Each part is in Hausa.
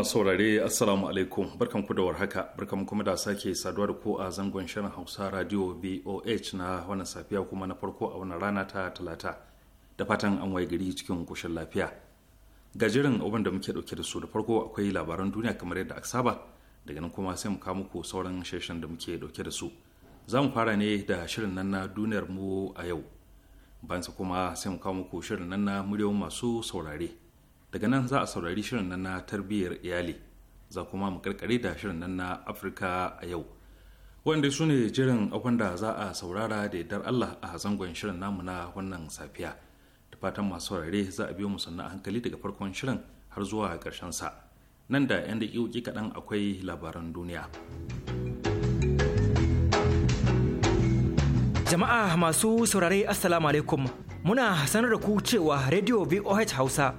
masu saurare assalamu alaikum barkan ku da warhaka barkan kuma da sake saduwa da ku a zangon shirin hausa radio boh na wannan safiya kuma na farko a wannan rana ta talata da fatan an waye gari cikin koshin lafiya ga jirin abin da muke dauke da su da farko akwai labaran duniya kamar yadda aka saba daga nan kuma sai mu kawo muku sauran sheshen da muke dauke da su za mu fara ne da shirin nan na duniyar mu a yau bayan kuma sai mu kawo muku shirin nan na muryoyin masu saurare daga nan za a saurari shirin nan na tarbiyyar iyali za kuma mu karkare da shirin nan na afirka a yau wanda su ne jirin abin da za a saurara da yardar allah a zangon shirin namu na wannan safiya da fatan masu saurare za a biyo mu sannan hankali daga farkon shirin har zuwa karshen sa nan da 'yan daƙiƙoƙi kaɗan akwai labaran duniya jama'a masu saurare assalamu alaikum muna sanar da ku cewa radio voh hausa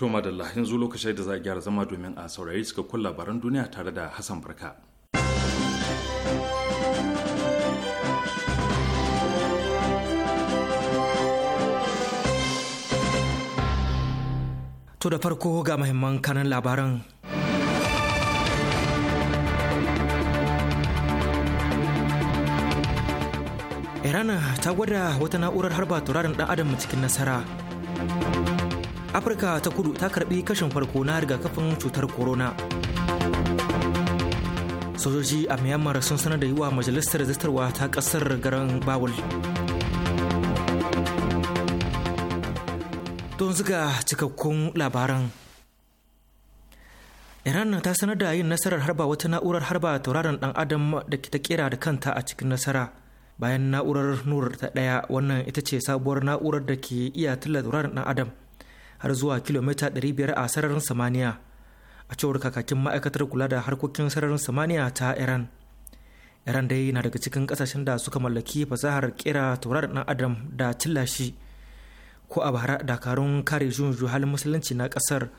da madalla yanzu lokacin da za a gyara zama domin a saurari suka kun labaran duniya tare da Hassan Barka. To da farko ga mahimman kanan labaran irana ta gwada wata na'urar harba turaren dan adam cikin nasara. afirka ta kudu ta karbi kashin farko na rigakafin cutar corona sojoji a myanmar sun sanar da yi wa majalisar zartarwa ta kasar garan bawul don zuga cikakkun labaran iran ta sanar da yin nasarar harba wata na'urar harba tauraron dan adam da ta kera da kanta a cikin nasara bayan na'urar nur ta daya wannan ita ce sabuwar na'urar da ke iya tilla tauraron dan adam har zuwa kilomita 500 a sararin samaniya a cewar kakakin ma'aikatar kula da harkokin sararin samaniya ta iran iran dai na daga cikin kasashen da suka mallaki fasahar kera taurar dan adam da tilashi ko a bara dakarun kare junju halin musulunci na kasar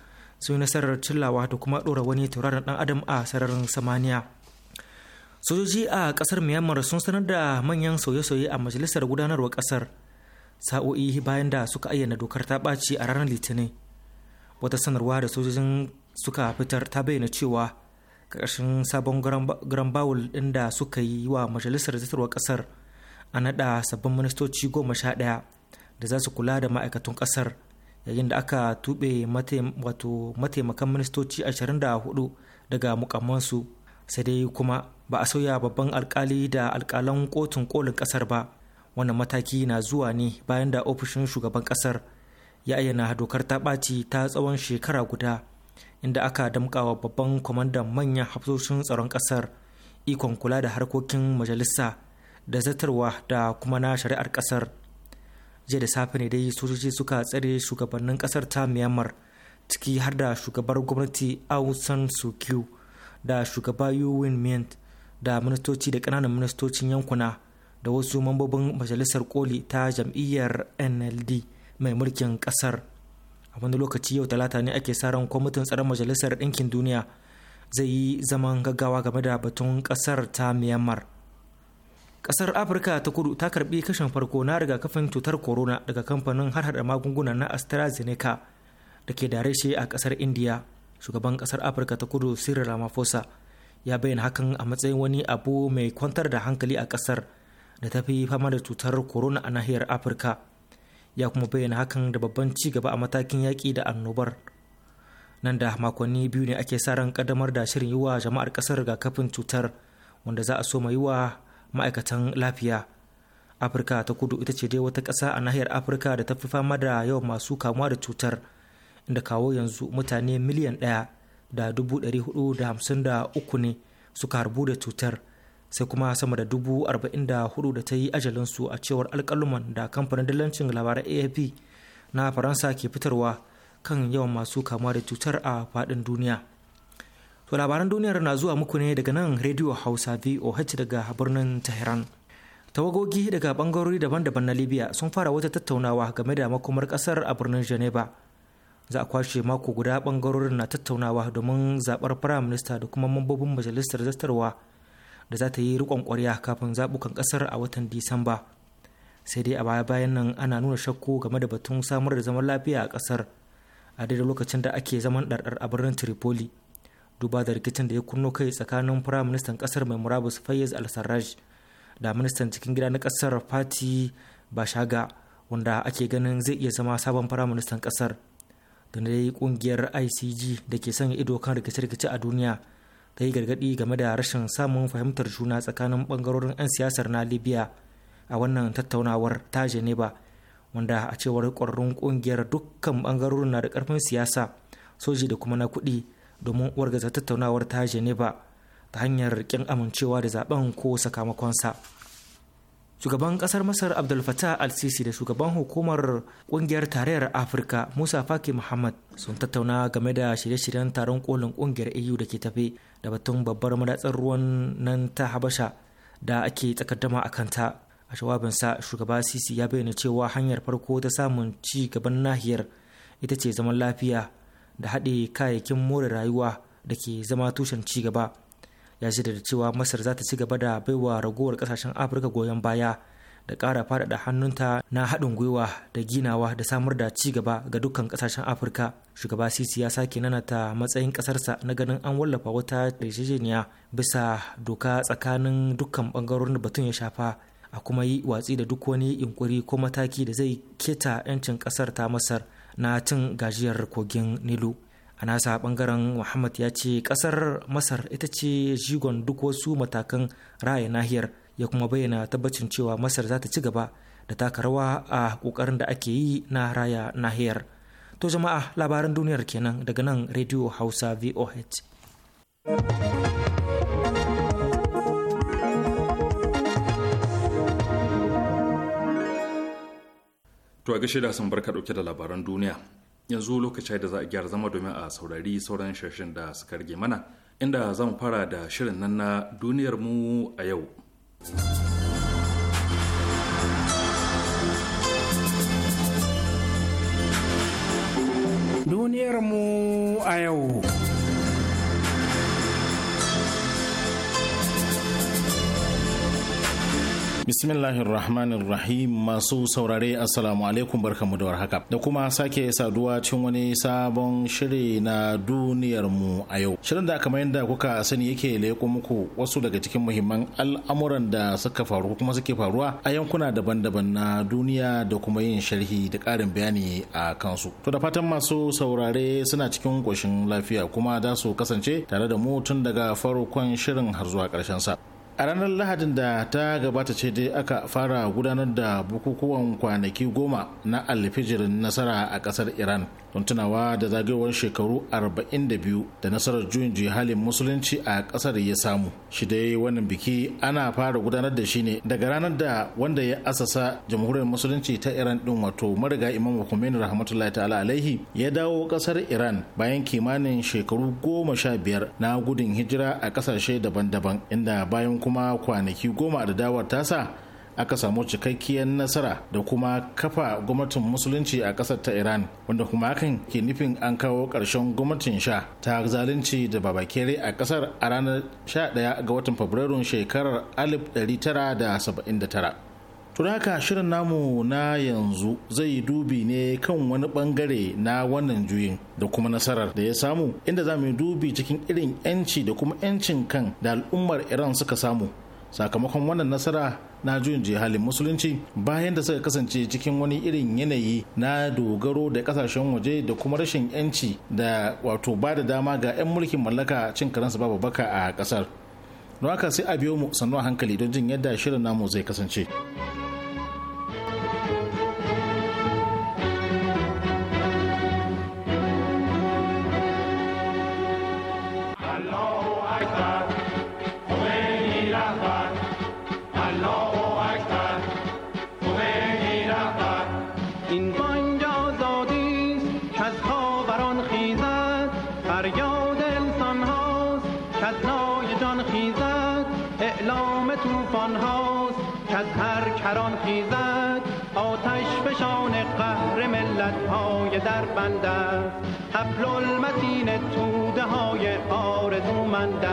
sun yi nasarar cillawa da kuma ɗora wani taurar dan adam a sararin samaniya sojoji a kasar myanmar sun sanar da manyan sauye-sauye a majalisar gudanarwa kasar. sa'o'i bayan da suka ayyana dokar ta ɓaci a ranar litinin wata sanarwa da sojojin suka fitar ta bayyana cewa ƙarshen sabon garan bawul ɗin da suka yi wa majalisar zartarwar ƙasar a naɗa sabbin ministoci goma sha ɗaya da za su kula da ma'aikatan ƙasar yayin da aka tuɓe mataimakan ministoci ashirin da hudu daga mukammansu sai dai kuma ba a sauya babban alkali da alkalan kotun kolin ƙasar ba wannan mataki na zuwa ne bayan da ofishin shugaban kasar ya ayyana dokar ta ɓaci ta tsawon shekara guda inda aka damƙawa babban kwamandan manyan hafsoshin tsaron kasar ikon kula da harkokin majalisa da zartarwa da kuma na shari'ar kasar jiya da safe ne dai sojoji suka tsare shugabannin kasar ta myanmar ciki har da shugabar gwamnati aung san suu kyi da shugaba yu mint da ministoci da ƙananan ministocin yankuna da wasu mambobin majalisar koli ta jam'iyyar nld mai mulkin kasar a wani lokaci yau talata ne ake sa ran kwamitin tsaron majalisar ɗinkin duniya zai yi zaman gaggawa game da batun kasar ta myanmar kasar afirka ta kudu ta karbi kashen farko na rigakafin cutar corona daga kamfanin harhaɗa magunguna na astrazeneca da ke da reshe a kasar india shugaban kasar afirka ta kudu cyril ramaphosa ya bayyana hakan a matsayin wani abu mai kwantar da hankali a kasar da ta fi fama da cutar corona a nahiyar afirka ya kuma bayyana hakan da babban ci gaba a matakin yaƙi da annobar nan da makonni biyu ne ake sa ran kaddamar da shirin yi wa jama'ar ƙasar rigakafin cutar wanda za a so yi wa ma'aikatan lafiya afirka ta kudu ita ce dai wata ƙasa a nahiyar afirka da ta fi fama da yawan masu kamuwa da cutar inda kawo yanzu mutane miliyan ɗaya da dubu ɗari hudu da hamsin da uku ne suka harbu da cutar sai kuma sama da dubu arba'in da hudu da ta yi ajalinsu a cewar alkaluman da kamfanin dillancin labaran afp na faransa ke fitarwa kan yawan masu kamuwa da cutar a fadin duniya to labaran duniyar na zuwa muku ne daga nan rediyo hausa voh daga birnin tehran tawagogi daga bangarori daban-daban na libya sun fara wata tattaunawa game da makomar kasar a birnin geneva za a kwashe mako guda bangarorin na tattaunawa domin zabar firayim minista da kuma mambobin majalisar zartarwa da za ta yi rikon kwarya kafin zabukan kasar a watan disamba sai dai a baya bayan nan ana nuna shakku game da batun samar da zaman lafiya a kasar a daidai lokacin da ake zaman ɗarɗar a birnin tripoli duba da rikicin da ya kunno kai tsakanin firaministan kasar mai murabus fayyaz al-sarraj da ministan cikin gida na kasar fati bashaga wanda ake ganin zai iya zama sabon firaministan kasar da na yi kungiyar icg da ke sanya ido kan rikice-rikice a duniya ta yi gargaɗi game da rashin samun fahimtar juna tsakanin ɓangarorin 'yan siyasar na libya a wannan tattaunawar ta geneva wanda a cewar ƙwararrun ƙungiyar dukkan ɓangarorin na da ƙarfin siyasa soji da kuma na kuɗi domin wargaza tattaunawar ta geneva ta hanyar ƙin amincewa da zaben ko sakamakonsa shugaban ƙasar masar abdul fatah al-sisi da shugaban hukumar ƙungiyar tarayyar afirka musa faki muhammad sun tattauna game da shirye-shiryen taron kolin ƙungiyar au da ke tafe da batun babbar madatsar ruwan nan ta habasha da ake takaddama a kanta a shawabinsa shugaba sisi ya bayyana cewa hanyar farko ta samun ci gaban nahiyar ita ce zaman lafiya da haɗe kayayyakin more rayuwa da ke zama tushen ci gaba ya da cewa masar za ta ci gaba da baiwa ragowar kasashen afirka goyon baya da ƙara faɗaɗa hannunta na haɗin gwiwa da ginawa da samar da ci gaba ga dukkan ƙasashen afirka shugaba sisi ya sake nanata matsayin ƙasarsa na ganin an wallafa wata yarjejeniya bisa doka tsakanin dukkan ɓangarorin da batun ya shafa a kuma yi watsi da duk wani yunkuri ko mataki da zai keta 'yancin ƙasar ta masar na cin gajiyar kogin nilu a nasa bangaren muhammad ya ce ƙasar masar ita ce jigon duk wasu matakan raya nahiyar ya kuma bayyana tabbacin cewa masar za ta ci gaba da taka rawa a kokarin da ake yi na raya nahiyar to jama'a labaran duniyar kenan daga nan radio hausa voh To a gashi da sun barka dauke da labaran duniya. Yanzu lokaci da za a gyara zama domin a saurari sauran shashin da suka rage mana inda za mu fara da shirin nan na duniyar mu a yau. Duniyarmu a yau. Bismillahir Rahmanir Rahim masu saurare Assalamu alaikum barkamu da warhaka da kuma sake saduwa cikin wani sabon shiri na duniyar mu a yau. Shirin da kamar yadda kuka sani yake leko muku wasu daga cikin muhimman al'amuran da suka faru kuma suke faruwa a yankuna daban-daban na duniya da kuma yin sharhi da ƙarin bayani a kansu. To da fatan masu saurare suna cikin ƙoshin lafiya kuma da su kasance tare da mu tun daga farkon shirin har zuwa ƙarshen sa. a ranar lahadin da ta gabata ce dai aka fara gudanar da bukukuwan kwanaki goma na alfijirin nasara a kasar iran don tunawa da zagayowar shekaru 42 da nasarar juyin halin musulunci a kasar ya samu shi dai wannan biki ana fara gudanar da shi ne daga ranar da wanda ya asasa jamhuriyar musulunci ta iran din wato mariga imam hukumin rahmatullahi ta'ala alaihi ya dawo kasar iran bayan kimanin shekaru goma sha biyar na gudun hijira a kasashe daban-daban inda bayan kuma kuma kwanaki goma da dawar tasa aka samu cikakkiyar nasara da kuma kafa gwamnatin musulunci a ƙasar ta iran wanda kuma hakan ke nufin an kawo ƙarshen gwamnatin sha ta zalunci da babakere a ƙasar a ranar 11 ga watan fabrairun shekarar 1979 haka shirin namu na yanzu zai dubi ne kan wani bangare na wannan juyin da kuma nasarar da ya samu inda za mu dubi cikin irin 'yanci da kuma 'yancin kan da al'ummar iran suka samu sakamakon wannan nasara na juyin jihalin musulunci bayan da suka kasance cikin wani irin yanayi na dogaro da kasashen waje da kuma rashin 'yanci da wato ba da dama ga 'yan mulkin mallaka cin karansu babu baka a kasar Nwaka sai a biyo mu sannu a hankali don jin yadda shirin namu zai kasance. پسند است حبل المتین توده های آرزومند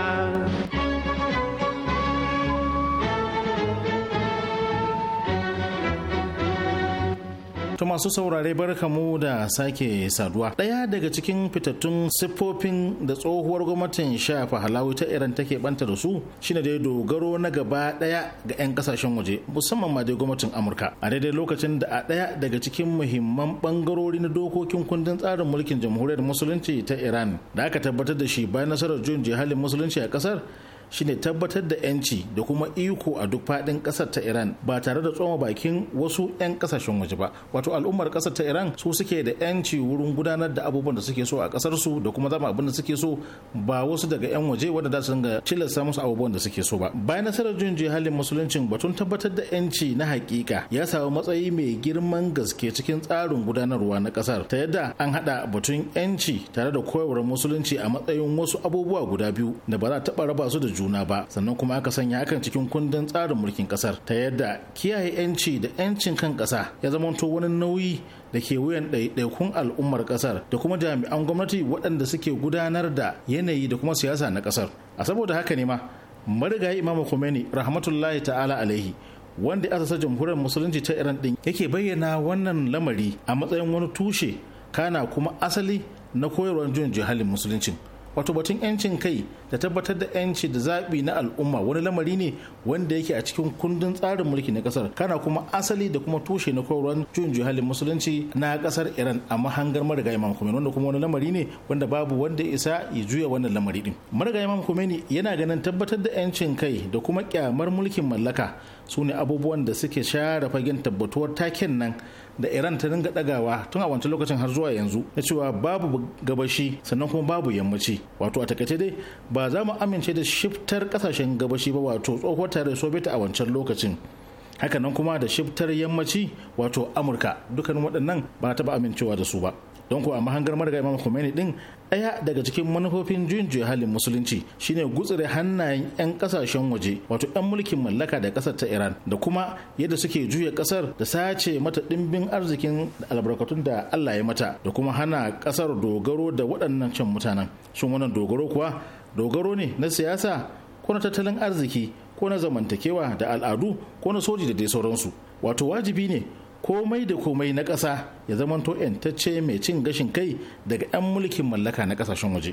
To masu saurare barkamu da sake saduwa. Ɗaya daga cikin fitattun siffofin da tsohuwar gwamnatin shafa halawi ta Iran take banta da su shine dai dogaro na gaba daya ga 'yan kasashen waje musamman ma dai gwamnatin Amurka. A daidai lokacin da a daya daga cikin muhimman bangarori na dokokin kundin tsarin mulkin jamhuriyar musulunci ta Iran da aka tabbatar da shi bayan nasarar juyin jihalin musulunci a kasar. shine tabbatar da 'yanci da kuma iko a duk faɗin ƙasar ta iran ba tare da tsoma bakin wasu 'yan ƙasashen waje ba wato al'ummar ƙasar ta iran su suke da 'yanci wurin gudanar da abubuwan da suke so a ƙasar su da kuma zama abin da suke so ba wasu daga 'yan waje wanda za su dinga tilasta musu abubuwan da suke so ba bayan nasarar jin halin musuluncin batun tabbatar da 'yanci na hakika ya samu matsayi mai girman gaske cikin tsarin gudanarwa na ƙasar ta yadda an haɗa batun 'yanci tare da koyarwar musulunci a matsayin wasu abubuwa guda biyu da ba za a taɓa raba su da juna ba sannan kuma aka sanya hakan cikin kundin tsarin mulkin kasar ta yadda kiyaye 'yanci da 'yancin kan kasa ya zamanto wani nauyi da ke wuyan ɗaiɗaikun al'ummar ƙasar da kuma jami'an gwamnati waɗanda suke gudanar da yanayi da kuma siyasa na ƙasar a saboda haka ne ma marigayi imamu khomeini rahmatullahi ta'ala alaihi wanda asasa jamhuriyar musulunci ta iran din yake bayyana wannan lamari a matsayin wani tushe kana kuma asali na koyarwar jin jihalin musulunci. wato batun yancin kai da tabbatar da yanci da zaɓi na al'umma wani lamari ne wanda yake a cikin kundin tsarin mulki na kasar kana kuma asali da kuma tushe na koyarwar juyin juhalin musulunci na kasar iran a mahangar marigayi imam khomeini wanda kuma wani lamari ne wanda babu wanda isa ya juya wannan lamari din marigayi imam yana ganin tabbatar da yancin kai da kuma kyamar mulkin mallaka su ne abubuwan da suke share fagen tabbatuwar taken nan da iran ta dinga dagawa tun a wancan lokacin har zuwa yanzu na cewa babu gabashi sannan kuma babu yammaci wato a takaice dai ba za mu amince da shiftar kasashen gabashi ba wato tsohuwar tare soviet a wancan lokacin hakanan kuma da shiftar yammaci wato amurka dukkan waɗannan ba ta ba amincewa da su ba don kuwa mahangar marigayi imam Khomeini din ɗaya daga cikin manufofin juyin juya halin musulunci shine gutsire hannayen 'yan kasashen waje wato 'yan mulkin mallaka da kasar ta iran da kuma yadda suke juya kasar da sace mata ɗimbin arzikin albarkatun da allah ya mata da kuma hana kasar dogaro da waɗannan can mutanen shin wannan dogaro kuwa dogaro ne na siyasa ko na tattalin arziki ko na zamantakewa da al'adu ko na soji da dai sauransu wato wajibi ne komai da komai na ƙasa ya zamanto 'yantacce mai cin gashin kai daga 'yan mulkin mallaka na ƙasashen waje.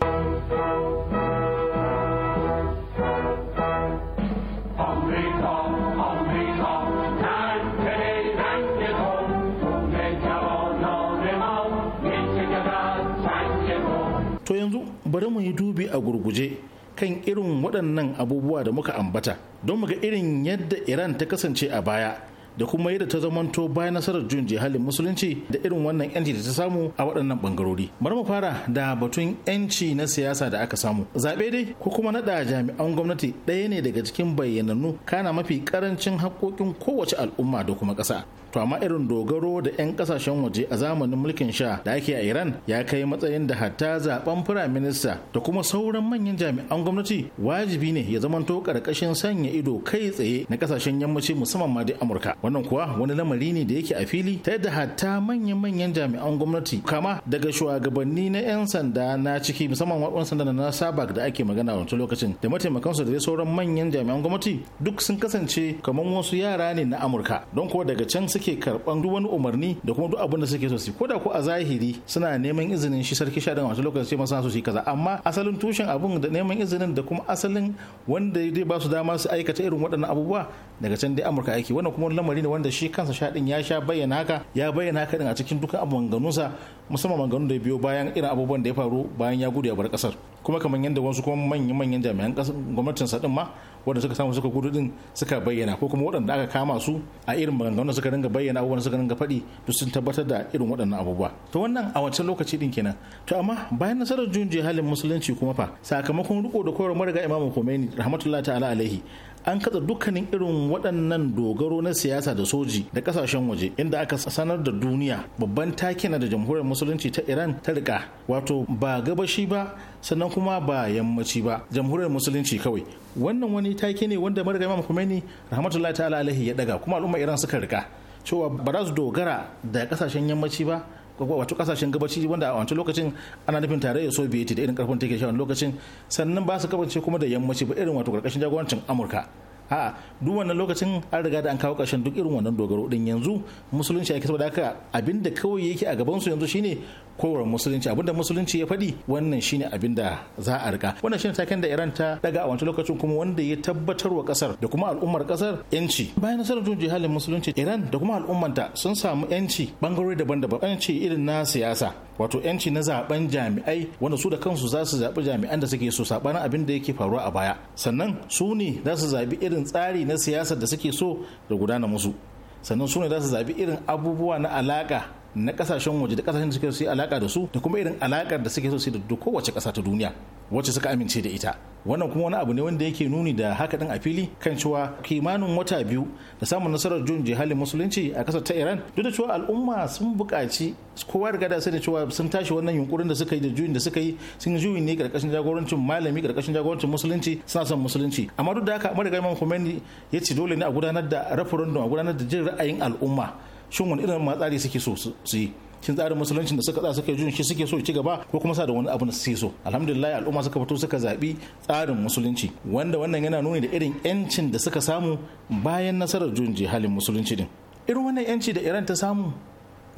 To yanzu bari mu yi dubi a gurguje kan irin waɗannan abubuwa da muka ambata don muga irin yadda Iran ta kasance a baya da kuma yadda ta zamanto bayan nasarar junji halin musulunci da irin wannan yanci da ta samu a waɗannan bangarori bari mu fara da batun yanci na siyasa da aka samu zaɓe dai ko kuma naɗa jami'an gwamnati ɗaya ne daga cikin bayyanannu kana mafi ƙarancin haƙƙoƙin kowace al'umma da kuma ƙasa to amma irin dogaro da 'yan ƙasashen waje a zamanin mulkin sha da ake a iran ya kai matsayin da hatta zaɓen firaminista da kuma sauran manyan jami'an gwamnati wajibi ne ya zamanto ƙarƙashin sanya ido kai tsaye na ƙasashen yammaci musamman ma dai amurka wannan kuwa wani lamari ne da yake a fili ta yadda hatta manyan-manyan jami'an gwamnati kama daga shugabanni na 'yan sanda na ciki musamman waɗannan sanda na sabak da ake magana a wancan lokacin da mataimakansu da sauran manyan jami'an gwamnati duk sun kasance kamar wasu yara ne na amurka don kuwa daga can suke karban duk wani umarni da kuma duk abin da suke so su ko da ko a zahiri suna neman izinin shi sarki sha daga wancan lokacin sai masu su kaza amma asalin tushen abun da neman izinin da kuma asalin wanda zai ba su dama su aikata irin waɗannan abubuwa daga can dai amurka aiki wannan kuma lamari ne wanda shi kansa sha ya sha bayyana haka ya bayyana haka din a cikin dukkan sa musamman maganganun da biyo bayan irin abubuwan da ya faru bayan ya gudu ya bar kasar kuma kamar yadda wasu kuma manyan manyan jami'an gwamnatin sa din ma wanda suka samu suka gudu din suka bayyana ko kuma waɗanda aka kama su a irin maganganun suka dinga bayyana abubuwan suka dinga faɗi to sun tabbatar da irin waɗannan abubuwa to wannan a wancan lokaci din kenan to amma bayan nasarar juyin halin musulunci kuma fa sakamakon riko da koyarwar mariga imamu Khomeini rahmatullahi ta'ala alaihi an katsa dukkanin irin waɗannan dogaro na siyasa da soji da kasashen waje inda aka sanar da duniya babban take na da jamhuriyar musulunci ta iran ta rika wato ba gabashi ba sannan kuma ba yammaci ba jamhuriyar musulunci kawai wannan wani take ne wanda marigayi imam khomeini rahmatullahi ta'ala alaihi ya daga kuma al'umma iran suka rika cewa ba za su dogara da kasashen yammaci ba wato kasashen gabaci wanda a wancan lokacin ana nufin tarayyar soviet da irin karfin take shawar lokacin sannan ba su kabance kuma da yammaci ba irin wato karkashin jagorancin amurka a duk wannan lokacin an riga da an kawo karshen duk irin wannan dogaro din yanzu musulunci ya ake da haka abinda kawai yake a gaban su yanzu shine koren musulunci abinda musulunci ya faɗi wannan shine da za a riga wannan shine taken da Iran ta daga a wancan lokacin kuma wanda ya tabbatar wa kasar da kuma al'ummar kasar yanci bayan nasarar jin jihalin musulunci Iran da kuma al'ummanta sun samu yanci bangarori daban-daban yanci irin na siyasa wato yanci na zaben jami'ai wanda su da kansu za su zaɓi jami'an da suke so sabanin abin da yake faruwa a baya sannan su ne za su zaɓi irin tsari na siyasar da suke so da gudana musu sannan su ne za su zaɓi irin abubuwa na alaƙa na kasashen waje da kasashen da suke so su yi alaka da su da kuma irin alakar da suke so su yi da kowace kasa ta duniya wacce suka amince da ita wannan kuma wani abu ne wanda yake nuni da haka din a fili kan cewa kimanin wata biyu da samun nasarar jun jihalin musulunci a kasar ta iran duk da cewa al'umma sun buƙaci kowa riga da sani cewa sun tashi wannan yunkurin da suka yi da juyin da suka yi sun juyin ne karkashin jagorancin malami karkashin jagorancin musulunci suna son musulunci amma duk da haka marigayi imam khomeini ya ce dole ne a gudanar da referendum a gudanar da jin ra'ayin al'umma shin wani irin matsari suke so su yi shin tsarin musuluncin da suka tsaya suka yi shi suke so ci gaba ko kuma sa da wani abu na suke so alhamdulillah al'umma suka fito suka zaɓi tsarin musulunci wanda wannan yana nuni da irin yancin da suka samu bayan nasarar juyin jihalin musulunci din irin wannan yanci da iran ta samu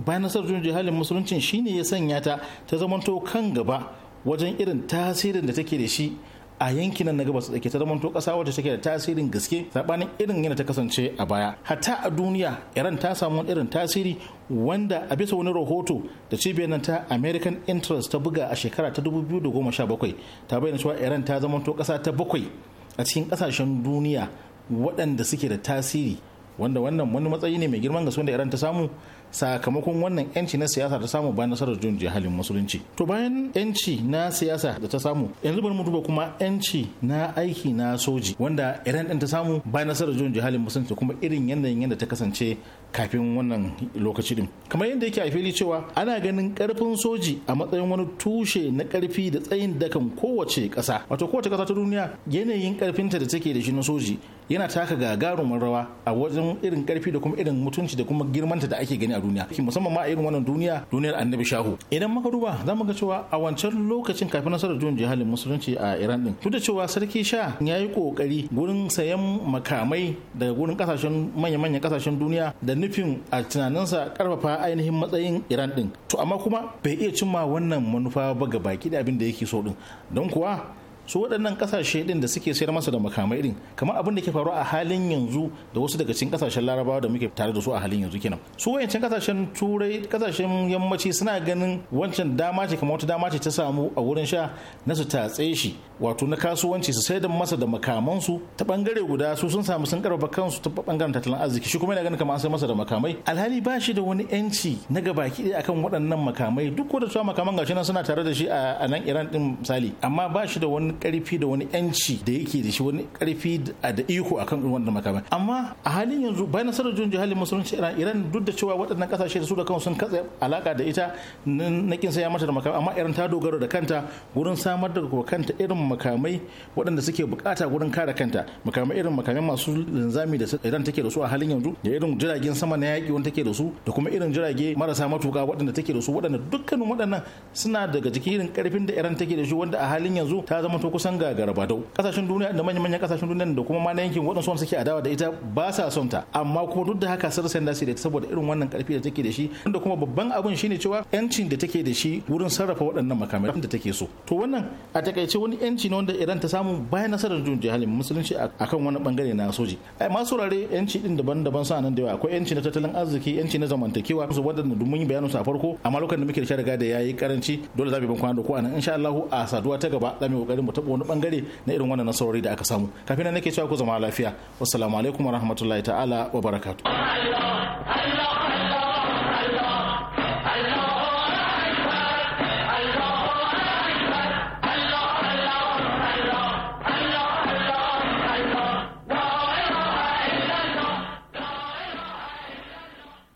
bayan nasarar juyin jihalin musulunci shine ya sanya ta ta zamanto kan gaba wajen irin tasirin da take da shi a yankinan na gabas da ke ta zamanto kasa wacce take da tasirin gaske sabanin irin yana ta kasance a baya hatta a duniya iran ta samu irin tasiri wanda a bisa wani rahoto da cibiyar ta american interest ta buga a shekara ta 2017 ta bayyana cewa iran ta zamanto kasa ta bakwai a cikin kasashen duniya waɗanda suke da tasiri wanda wannan wani matsayi ne mai girman gaske wanda iran ta samu sakamakon wannan yanci na siyasa ta samu bayan nasarar juyin jihalin musulunci to bayan yanci na siyasa da ta samu yanzu bari mu duba kuma yanci na aiki na soji wanda iran din ta samu bayan nasarar jun halin musulunci kuma irin yanayin yadda ta kasance kafin wannan lokaci din kamar yadda yake a fili cewa ana ganin karfin soji a matsayin wani tushe na karfi da tsayin dakan kowace ƙasa wato kowace kasa ta duniya yanayin karfinta da take da shi na soji yana taka gagarumin rawa a wajen irin karfi da kuma irin mutunci da kuma girmanta da ake gani a duniya musamman ma a irin wannan duniya duniyar annabi shahu idan muka duba za mu ga cewa a wancan lokacin kafin nasarar juyin jihalin musulunci a iran din duk da cewa sarki sha ya yi kokari gurin sayan makamai daga gurin kasashen manya-manyan kasashen duniya da nufin a tunaninsa karfafa ainihin matsayin iran din to amma kuma bai iya cimma wannan manufa ba ga baki da abin da yake so din don kuwa su waɗannan kasashe ɗin da suke sayar masa da makamai ɗin kamar abin da ke faru a halin yanzu da wasu daga cikin kasashen larabawa da muke tare da su a halin yanzu kenan su wayancin kasashen turai kasashen yammaci suna ganin wancan dama ce kamar wata dama ce ta samu a wurin sha na su tatse shi wato na kasuwanci su sayar da masa da makamansu ta bangare guda su sun samu sun karfafa kansu ta bangaren tattalin arziki shi kuma yana ganin kamar an sayar masa da makamai alhali ba shi da wani yanci na gabaki ɗaya akan waɗannan makamai duk da su makaman gashi nan suna tare da shi a nan iran ɗin misali amma ba shi da wani karfi da wani yanci da yake da shi wani karfi da iko akan irin wannan makamai amma a halin yanzu bayan nasarar junji halin musulunci iran iran duk da cewa waɗannan kasashe da su da kansu sun katse alaka da ita na kin saya mata da makamai amma iran ta dogara da kanta gurin samar da kanta irin makamai waɗanda suke bukata gurin kare kanta makamai irin makamai masu linzami da iran take da su a halin yanzu da irin jiragen sama na yaƙi wanda take da su da kuma irin jirage marasa matuka waɗanda take da su waɗanda dukkanin waɗannan suna daga jikin irin karfin da iran take da shi wanda a halin yanzu ta zama zamanto kusan ga ba dau kasashen duniya da manyan manyan kasashen duniya da kuma ma na yankin waɗansu wanda suke adawa da ita ba sa son ta amma kuma duk da haka sarsa da da saboda irin wannan karfi da take da shi wanda kuma babban abin shine cewa yancin da take da shi wurin sarrafa waɗannan makamai da take so to wannan a takaice wani yanci ne wanda Iran ta samu bayan nasarar jun jihalin musulunci akan wani bangare na soji ai ma saurare yanci din daban-daban sa nan da yawa akwai yanci na tattalin arziki yanci na zamantakewa su waɗanda mun yi bayanin su a farko amma lokacin da muke da riga da yayi karanci dole za mu ban kwana da ku nan insha Allah a saduwa ta gaba za mu yi kokarin mu taɓa wani bangare na irin wannan nasarori da aka samu kafin nan nake cewa ku zama lafiya wassalamu alaikum rahmatullahi ta'ala wa barakatu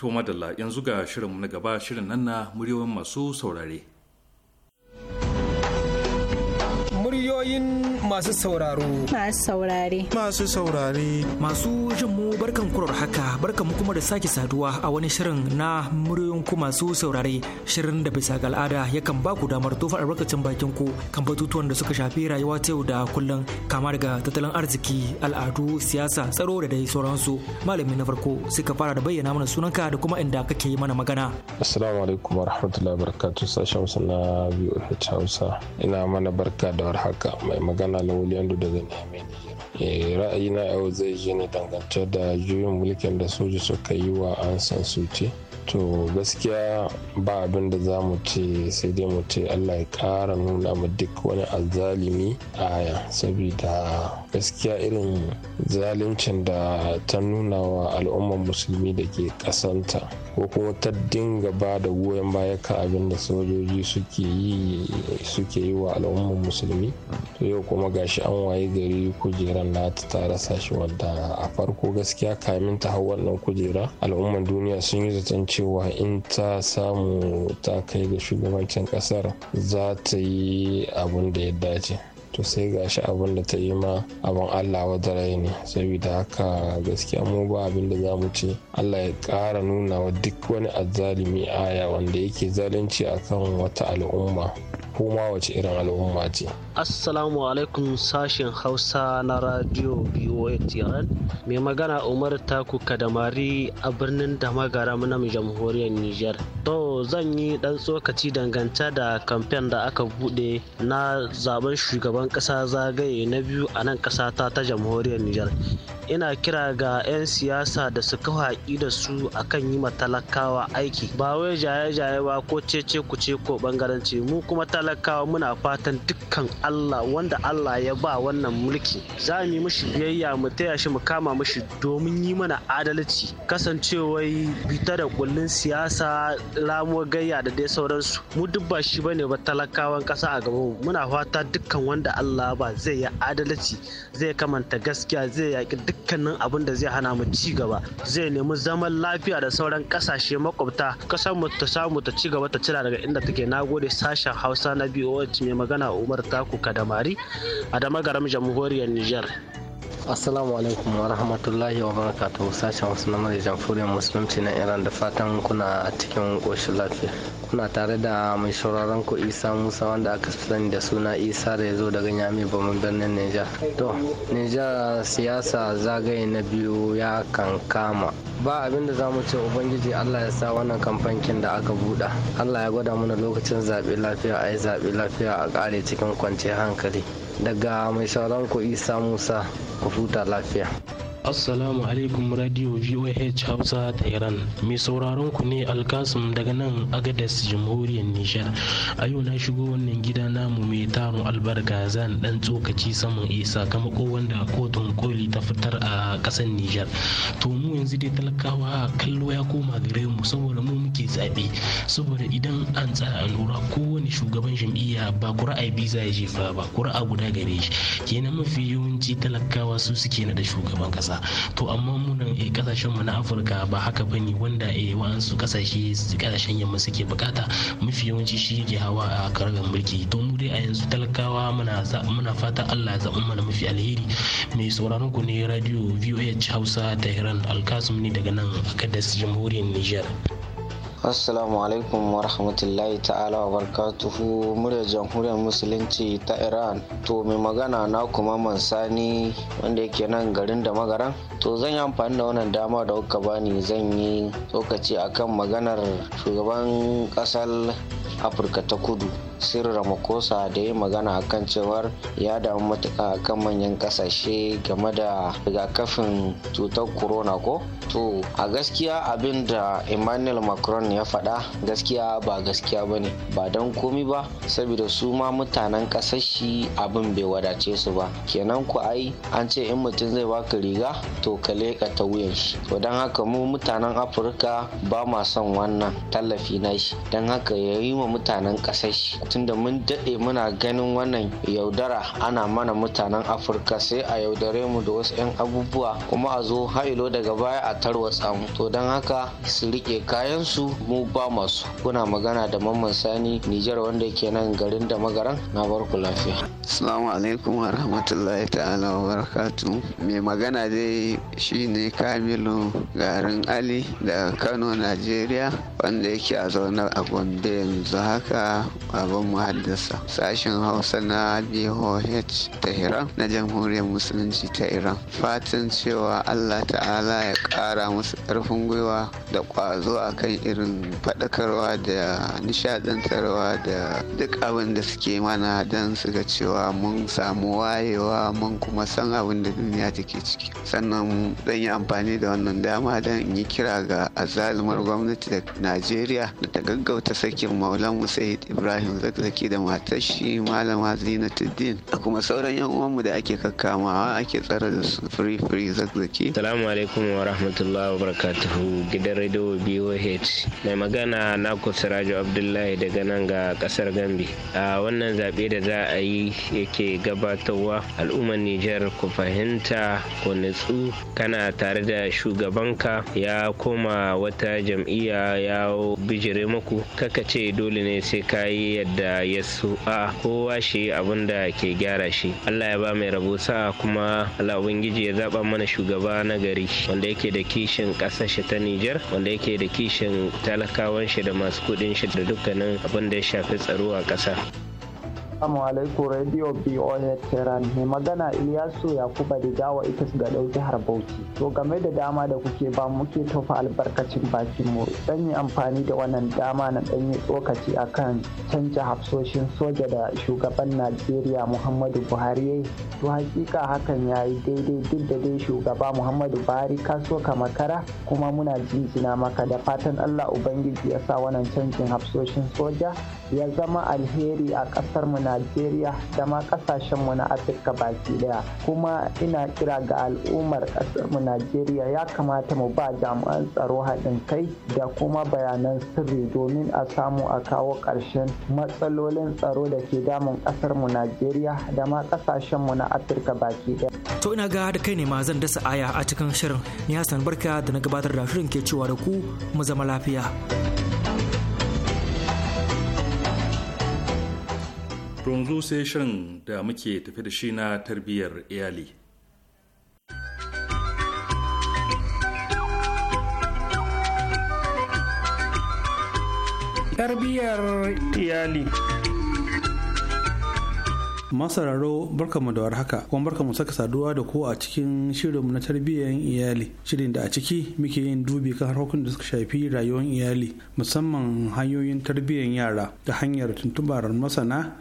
To madalla yanzu ga shirinmu na gaba shirin nan na muryoyin masu saurare. in. masu sauraro. Masu saurare. Masu saurare. Masu jin mu barkan kurar haka barkan mu kuma da sake saduwa a wani shirin na muryoyin ku masu saurare shirin da bisa ga al'ada yakan ba ku damar tofa albarkacin bakin ku kan batutuwan da suka shafi rayuwa ta yau da kullun kama daga tattalin arziki al'adu siyasa tsaro da dai sauransu malami na farko sai ka fara da bayyana mana sunanka da kuma inda kake yi mana magana. Assalamu alaikum warahmatullahi wabarakatuh sashen na biyu Hausa ina mana barka da warhaka mai magana lawali andu daga nyame niger eh, ra'ayina yau zai je ne dangance da juyin mulkin da soji suka yi wa an san suci to gaskiya ba abin da za mu ce sai dai mu ce allah ya kara nuna mu duk wani azalimi aya saboda gaskiya irin zaluncin da ta nuna wa al'ummar musulmi da ke kasanta ko kuma ta dinga ba da goyon baya ka abin da sojoji suke yi suke yi wa al'ummar musulmi to yau kuma gashi an waye gari kujeran na ta rasa shi wanda a farko gaskiya kamin ta hau wannan kujera al'ummar duniya sun yi zaton cewa in ta samu ta kai ga shugabancin kasar za ta yi abin da ya dace to sai ga shi abin da ta yi ma abin allah wadda rai ne saboda haka gaskiya mu ba abin da za mu ce allah ya ƙara nuna wa duk wani azzalimi aya wanda yake zalunci akan wata al'umma kuma wace irin al'umma ce assalamu alaikum sashen hausa na radio boa mai magana umar taku kadamari a birnin damagaram na jamhuriyar Nijar. to zan yi dan tsokaci dangance da kamfen da aka bude na zaben shugaban kasa zagaye na biyu a nan kasa ta ta jamhuriyar niger ina kira ga 'yan siyasa da su haƙi da su akan yi matalakawa aiki ba wai jaye-jaye ba ko cece ku ce ko bangaranci mu kuma ta talakawa muna fatan dukkan Allah wanda Allah ya ba wannan mulki za mu yi mishi biyayya mu taya shi mu kama mishi domin yi mana adalci kasancewai bita da kullun siyasa ramuwar gayya da dai sauransu mu duk ba shi bane ba talakawan kasa a gaban muna fata dukkan wanda Allah ba zai yi adalci zai kamanta gaskiya zai yaki dukkanin abin da zai hana mu ci gaba zai nemi zaman lafiya da sauran kasashe makwabta kasar mu ta samu ta ci gaba ta cira daga inda take nagode sashen Hausa Hausa na wacce mai magana Umar Taku Kadamari a damagaram jamhuriyar Nijar. Assalamu alaikum wa rahmatullahi wa barakatuhu sashen wasu na jamhuriyar musulunci na Iran da fatan kuna cikin ƙoshin lafiya. kuna tare da mai sauraron ku isa musa wanda aka sani da suna isa da ya zo daga nyami bamin birnin nijar to nijar siyasa zagaye na biyu ya kankama ba abin da za mu ce ubangiji allah ya sa wannan kamfankin da aka buɗa allah ya gwada mana lokacin zaɓe lafiya a yi zaɓe lafiya a ƙare cikin kwanciyar hankali daga mai sauraron ku isa musa ku huta lafiya Assalamu alaikum Radio VOH Hausa Tehran. Mai sauraron ku ne Alkasim daga nan Agadas Jamhuriyar Nijar. A yau na shigo wannan gida namu mai taron albarka zan dan tsokaci saman isa eh, kama ko wanda kotun koli ta fitar a ƙasar Nijar. To mu yanzu dai talakawa kallo ya koma gare mu saboda mu muke zaɓi Saboda idan an tsaya a lura kowane shugaban jam'iyya ba kura'a biyu za ya jefa ba kura'a guda gare shi. Kenan mafi yawanci talakawa su suke na da shugaban ƙasa. ƙasa to amma munan e eh, kasashen mu na afirka ba haka ba ne wanda e wa'ansu kasashe kasashen yamma suke bukata mafi yawanci shi yake hawa a karagar mulki to mu dai a yanzu talakawa muna fata Allah ya zaɓi mana mafi alheri mai sauraron ku ne radio VOH Hausa Tehran Alkasum ne daga nan a Kadas Jamhuriyar Niger assalamu alaikum wa rahmatullahi ta'ala wa barkatuhu murya jamhuriyar musulunci ta iran to mai magana na kuma mansani wanda yake nan garin da magaran to zan yi amfani da wannan dama da kuka bani zan yi tsokaci akan maganar shugaban kasar afirka ta kudu sir ramakosa da ya magana akan cewar ya damu matuka akan manyan kasashe game da rigakafin cutar corona ko to a gaskiya abin da emmanuel macron ya faɗa gaskiya ba gaskiya ba ne ba don komi ba saboda su ma mutanen kasashe abin bai wadace su ba kenan ku ai an ce in mutum zai baka riga to ka leka ta wuyan shi to don haka mu mutanen afirka ba ma son wannan tallafi na shi don haka ya yi wa mutanen kasashe tunda mun daɗe muna ganin wannan yaudara ana mana mutanen afirka sai a yaudare mu da wasu 'yan abubuwa kuma a zo hailo daga baya a tarwatsa mu to don haka su riƙe kayansu mu ba masu kuna magana da mamman sani nijar wanda ke nan garin da magaran na barku lafiya assalamu alaikum wa rahmatullahi ta'ala wa barakatu mai magana dai shine kamilu garin ali da kano nigeria wanda yake a zaune a gombe yanzu haka yawan muhaddasa sashen hausa na boh Iran? na jamhuriyar musulunci ta iran fatan cewa allah ta'ala ya kara musu karfin gwiwa da kwazo kan irin faɗakarwa da nishadantarwa da duk abin da suke mana don su ga cewa mun samu wayewa mun kuma san abin da duniya take ciki sannan zan yi amfani da wannan dama don in yi kira ga azalumar gwamnati da najeriya da ta gaggauta sakin maulan Musa ibrahim zaki da ke da matar shi malama Zinatuddin da kuma sauran yan uwanmu da ake kakkamawa ake tsara da su free free zaki Salamu alaikum wa rahmatullahi wa barakatuhu gidan radio BOH mai magana Nako Siraju Abdullahi daga nan ga kasar Gambi. A wannan zaɓe da za a yi yake gabatarwa al'ummar Nijar ku fahimta ku nutsu kana tare da shugabanka ya koma wata jam'iyya ya bijire muku kaka ce dole ne sai ka yi da ya su a kowa shi abin da ke gyara shi Allah ya ba mai rabo sa kuma Allah ubangiji ya zaba mana shugaba na gari wanda yake da kishin ƙasar shi ta Nijar wanda yake da kishin talakawan shi da masu kuɗin shi da dukkanin abin da ya shafi tsaro a ƙasa. Assalamu alaikum Radio BOA Tehran mai magana Ilyasu Yakuba Digawa ita su ga dauki jihar Bauchi. To game da dama da kuke ba muke tofa albarkacin bakin mu dan yi amfani da wannan dama na dan yi tsokaci akan canja hafsoshin soja da shugaban Najeriya Muhammadu Buhari yayi. To hakika hakan yayi daidai duk da dai shugaba Muhammadu Buhari so ka makara kuma muna jinjina maka da fatan Allah Ubangiji ya sa wannan canjin hafsoshin soja ya zama alheri a ƙasar mu Najeriya da ma kasashen mu na Afirka baki daya kuma ina kira ga al'ummar kasarmu mu Najeriya ya kamata mu ba jami'an tsaro haɗin kai da kuma bayanan sirri domin a samu a kawo ƙarshen matsalolin tsaro da ke damun ƙasar mu Najeriya da ma kasashenmu mu na Afirka baki daya. To ina ga da kai ne ma zan dasa aya a cikin shirin ni Hassan Barka da na gabatar da shirin ke cewa da ku mu zama lafiya. To yanzu sai shan da muke tafi da shi na tarbiyyar iyali. Tarbiyyar iyali. masararo barkamu da warhaka kuma barkamu saka saduwa da ku a cikin shirinmu na tarbiyyar iyali shirin da a ciki muke yin dubi kan harkokin da suka shafi rayuwar iyali musamman hanyoyin tarbiyyar yara ta hanyar tuntubar masana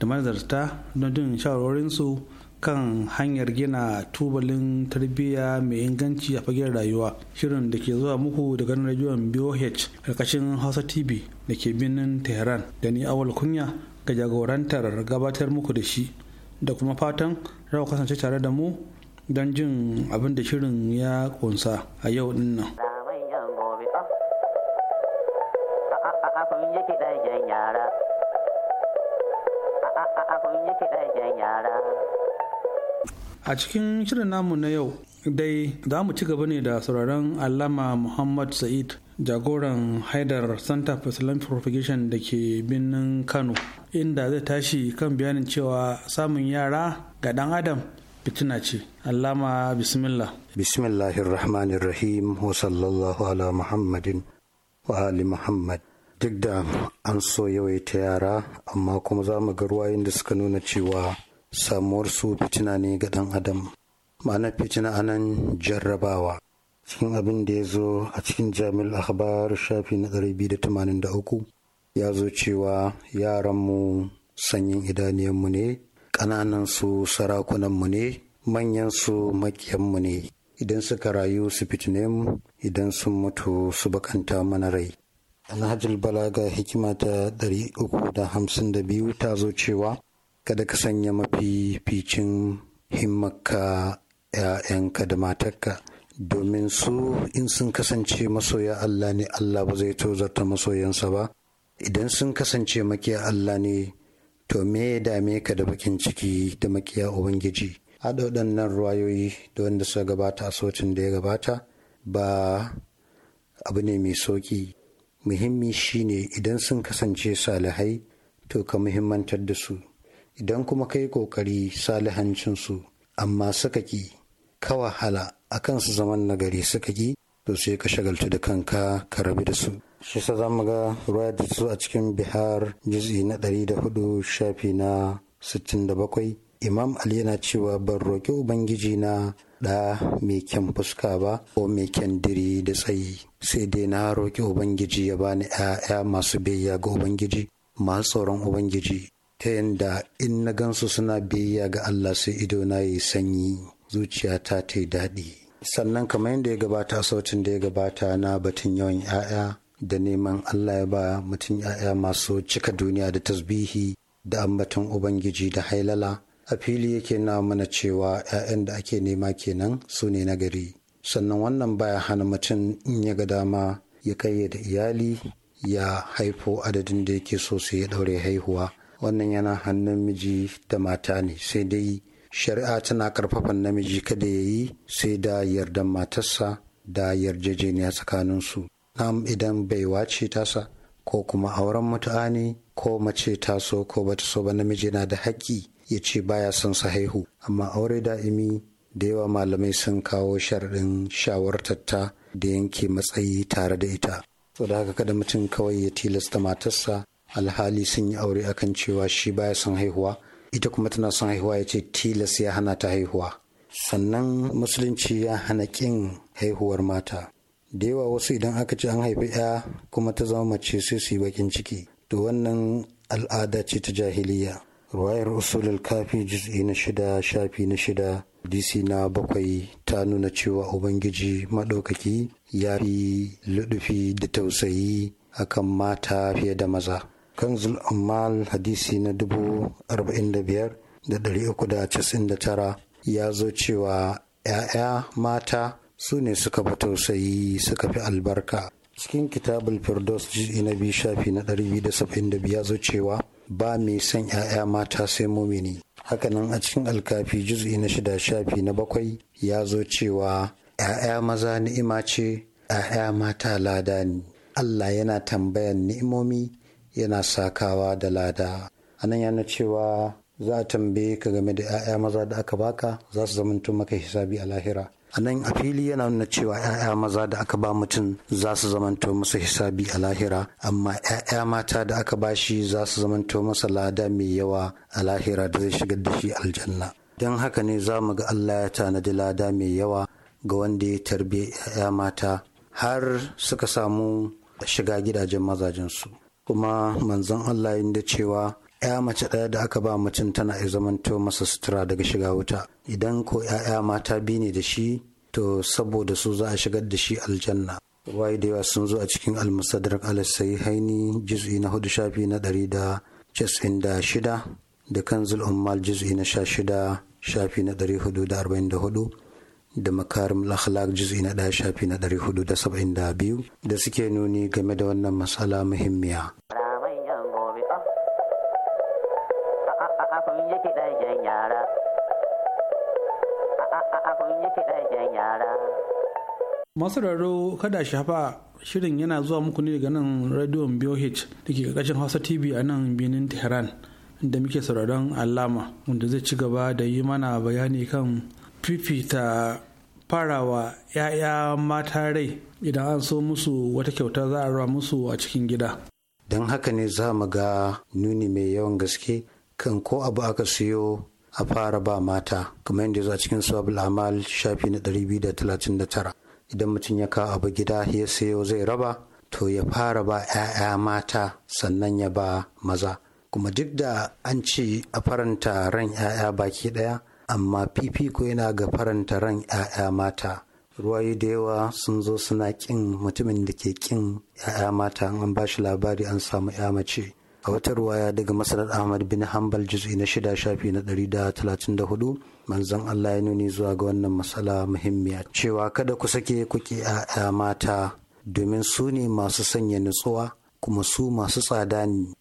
da manzarta don jin shawarorinsu kan hanyar gina tubalin tarbiyya mai inganci a fagen rayuwa shirin da ke zuwa muku daga rajiyon boh karkashin hausa tv da ke birnin tehran da ni awal kunya ga jagorantar gabatar muku da shi da kuma fatan rawa kasance tare da mu don jin abin da shirin ya kunsa a yau dinnan. a cikin shirin namu na yau dai za mu ci gaba ne da sauraron alama muhammad sa'id jagoran haidar center for islamic propagation da ke birnin kano inda zai tashi kan bayanin cewa samun yara ga dan adam fitina ce allama bismillah bismillahirrahmanirrahim wa sallallahu ala muhammadin wa ali muhammad duk da an so yawaita yara amma kuma za mu ga ruwayin da suka nuna cewa samuwar su fitina ne ga ɗan adam ma'anar fitina anan jarrabawa cikin abin da ya zo a cikin jami'ar akhbar shafi na 283 ya zo cewa yaranmu sanyin idaniyanmu ne ƙananan su sarakunanmu ne manyan su makiyanmu ne idan suka rayu su fitine mu idan sun mutu su bakanta mana rai Bala balaga hikima ta 352 ta zo cewa kada ka sanya mafificin himmaka ‘ya'yanka da matarka domin su in sun kasance masoya Allah ne Allah ba zai tozarta masoyansa ba idan sun kasance makiya Allah ne to me ya dame ka da bakin ciki da makiya Ubangiji haɗa waɗannan ruwayoyi da wanda suka gabata a sautin da ya gabata ba abu ne mai sauƙi muhimmi shine idan sun kasance salihai to ka muhimmantar da su idan kuma ka yi ƙoƙari salihancinsu amma suka ƙi ka wahala a kansu zaman nagari suka ƙi to sai ka shagaltu da kanka ka rabu da su shi sa za mu ga ruwa da su a cikin bihar juz'i na ɗari da hudu shafi na sittin da bakwai imam ali yana cewa ban roƙi ubangiji na ɗa mai kyan fuska ba ko mai kyan diri da tsayi sai dai na roƙi ubangiji ya bani 'ya'ya masu biyayya ga ubangiji masu tsoron ubangiji ta yadda in na gansu suna biyayya ga Allah sai ido na yi sanyi zuciyata ta yi daɗi sannan kamar yadda ya gabata a sautin da ya gabata na batun yawan 'ya'ya da neman Allah ya ba mutum 'ya'ya masu cika duniya da tasbihi da ambaton ubangiji da hailala a fili yake na mana cewa 'ya'yan da ake nema kenan su ne na gari sannan wannan baya hana mutum in ya ga dama ya kayyade iyali ya haifo adadin da yake so sai ya ɗaure haihuwa wannan yana hannun miji da mata ne sai dai shari'a tana karfafa namiji kada ya yi sai da yardan matarsa da yarjejeniya tsakaninsu nam idan bai wace tasa ko kuma auren mutu'a ko mace taso ko bata so ba namiji na da haƙƙi ya ce baya son sa haihu amma aure da'imi da yawa malamai sun kawo sharaɗin shawartar ta da yanke matsayi tare da ita. saboda haka kada mutum kawai ya tilasta matarsa alhali sun yi aure akan cewa shi baya son haihuwa ita kuma tana son haihuwa ya ce tilas ya hana ta haihuwa sannan musulunci ya hana ƙin haihuwar mata da yawa wasu idan aka ce an haifi ya kuma ta zama mace sai su yi bakin ciki to wannan al'ada ce ta jahiliya ruwayar usul kafi juz'i na shida shafi na shida dc na bakwai ta nuna cewa ubangiji maɗaukaki ya fi luɗufi da tausayi akan mata fiye da maza kanzul ammal hadisi na dubu arba'in da biyar da dari uku da casin da tara ya zo cewa ‘ya'ya mata su ne suka fi tausayi suka fi albarka cikin kitabul firdaus ji na biyu shafi na ɗari biyu da saba'in da biyu ya zo cewa ba mai son ‘ya'ya mata sai mumini hakanan a cikin alkafi juz'i na shida shafi na bakwai ya zo cewa ‘ya'ya maza ni'ima ce ‘ya'ya mata lada ne Allah yana tambayan ni'imomi yana sakawa da lada a nan yana cewa za a tambaye ka game da 'ya'ya maza da aka baka za su zamanto maka hisabi a lahira a nan a fili yana nuna cewa 'ya'ya maza da aka ba mutum za su zamanto masa hisabi a lahira amma 'ya'ya mata da aka ba shi za su zamanto masa lada mai yawa a lahira da zai shigar da shi aljanna don haka ne za mu ga allah ya tanadi lada mai yawa ga wanda ya tarbe 'ya'ya mata har suka samu shiga gidajen mazajensu kuma manzon Allah yin da cewa ya mace ɗaya da aka ba mutum tana ya zamanto masa sutura daga shiga wuta idan ko ya'ya mata biyu ne da shi to saboda su za a shigar da shi aljanna wai da yawa sun zo a cikin almusadrak alasai haini juz'i na hudu shafi na ɗari da casin da shida da kanzul ummal juz'i na sha shida shafi na ɗari hudu da arba'in da hudu da makarim lakhlak juz'i na ɗaya shafi na ɗari hudu da saba'in da biyu da suke nuni game da wannan matsala muhimmiya. Masu raro kada shafa shirin yana zuwa muku ne daga nan radiyon BOH da ke ƙarƙashin Hausa TV a nan birnin Tehran da muke sauraron alama wanda zai ci gaba da yi mana bayani kan fifita farawa 'ya'ya mata rai idan an so musu wata kyauta za a rawa musu a cikin gida don haka ne za mu ga nuni mai yawan gaske kan ko abu aka siyo a fara ba mata kamar yadda a cikin sabul amal shafi na tara. idan mutum ya kawo abu gida ya sayo zai raba to ya fara ba 'ya'ya mata sannan ya ba maza kuma duk da an ce a faranta ran 'ya'ya baki ɗaya. amma fifiko yana ga faranta ran 'ya'ya mata ruwayi da yawa sun zo suna kin mutumin da ke kin 'ya'ya mata an ba shi labari an samu 'ya mace a wata ruwaya daga masarar ahmad bin Hambal juz'i na shida shafi na ɗari da talatin da hudu manzon allah ya nuni zuwa ga wannan matsala muhimmiya cewa kada ku sake kuke 'ya'ya mata domin su ne masu sanya nutsuwa kuma su masu tsada ne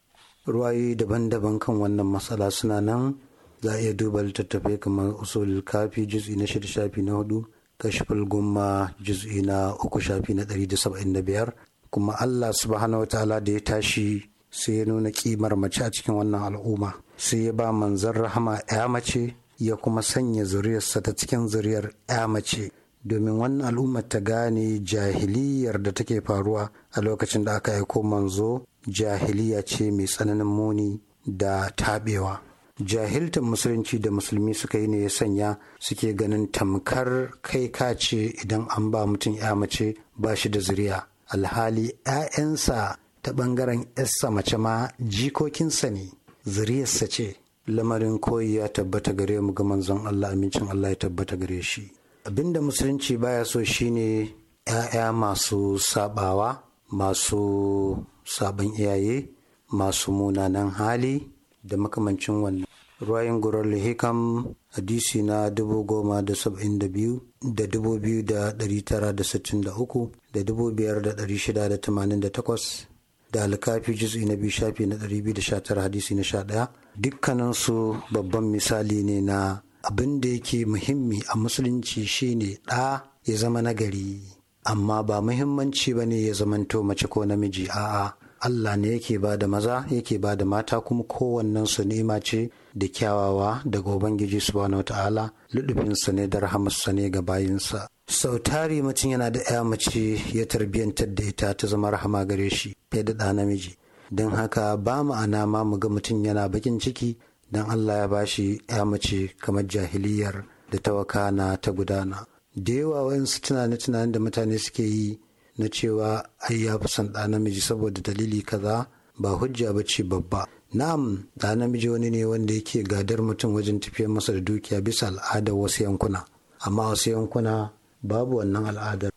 ruwayoyi daban-daban kan wannan matsala suna nan za a iya duba littattafai kamar usul kafi juz'i na shida shafi na hudu kashful gumma juz'i na uku shafi na ɗari da saba'in da biyar kuma allah subhanahu wa ta'ala da ya tashi sai ya nuna kimar mace a cikin wannan al'umma sai ya ba manzan rahama ya mace ya kuma sanya zuriyarsa ta cikin zuriyar ya mace domin wannan al'ummar ta gane jahiliyar da take faruwa a lokacin da aka aiko manzo jahiliya ce mai tsananin muni da taɓewa jahiltar musulunci da musulmi suka yi ne ya sanya suke ganin tamkar kai kace idan an ba mutum ya mace ba shi da zuriya alhali 'ya'yansa ta bangaren 'yarsa mace ma jikokinsa ne zuriyarsa ce lamarin koyi ya tabbata gare mu ga manzon Allah amincin Allah ya tabbata gare shi abinda musulunci baya so shine 'ya'ya masu sabawa masu sabon iyaye masu munanan hali da makamancin wannan ruwayin gurar hikam hadisi na dubu goma da saba'in da biyu da dubu biyu da dari tara da sittin da uku da dubu biyar da dari shida da tamanin da takwas da alkafi juz'i na biyu shafi na dari biyu da sha tara hadisi na sha ɗaya dukkaninsu babban misali ne na abin da yake muhimmi a musulunci shine ɗa ya zama nagari amma ba muhimmanci ba ne ya zamanto mace ko namiji a'a Allah ne yake ba da maza yake ba da mata kuma kowannen su ni'ima ce da kyawawa daga Ubangiji subhanahu wa ta'ala ludufinsa ne da rahamarsa ne ga bayinsa. Sau tari mutum yana da ya mace ya tarbiyyantar da ita ta zama rahama gare shi fiye da ɗa namiji. Don haka ba ma'ana ma mu ga mutum yana bakin ciki don Allah ya bashi ya mace kamar jahiliyar da ta na ta gudana. Da yawa wa'insu tunane-tunanen da mutane suke yi na cewa ai ya fi son namiji saboda dalili kaza ba hujja ba ce babba na'am ɗa namiji wani ne wanda yake gadar mutum wajen tafiyar masa da dukiya bisa al'adar wasu yankuna amma wasu yankuna babu wannan al'adar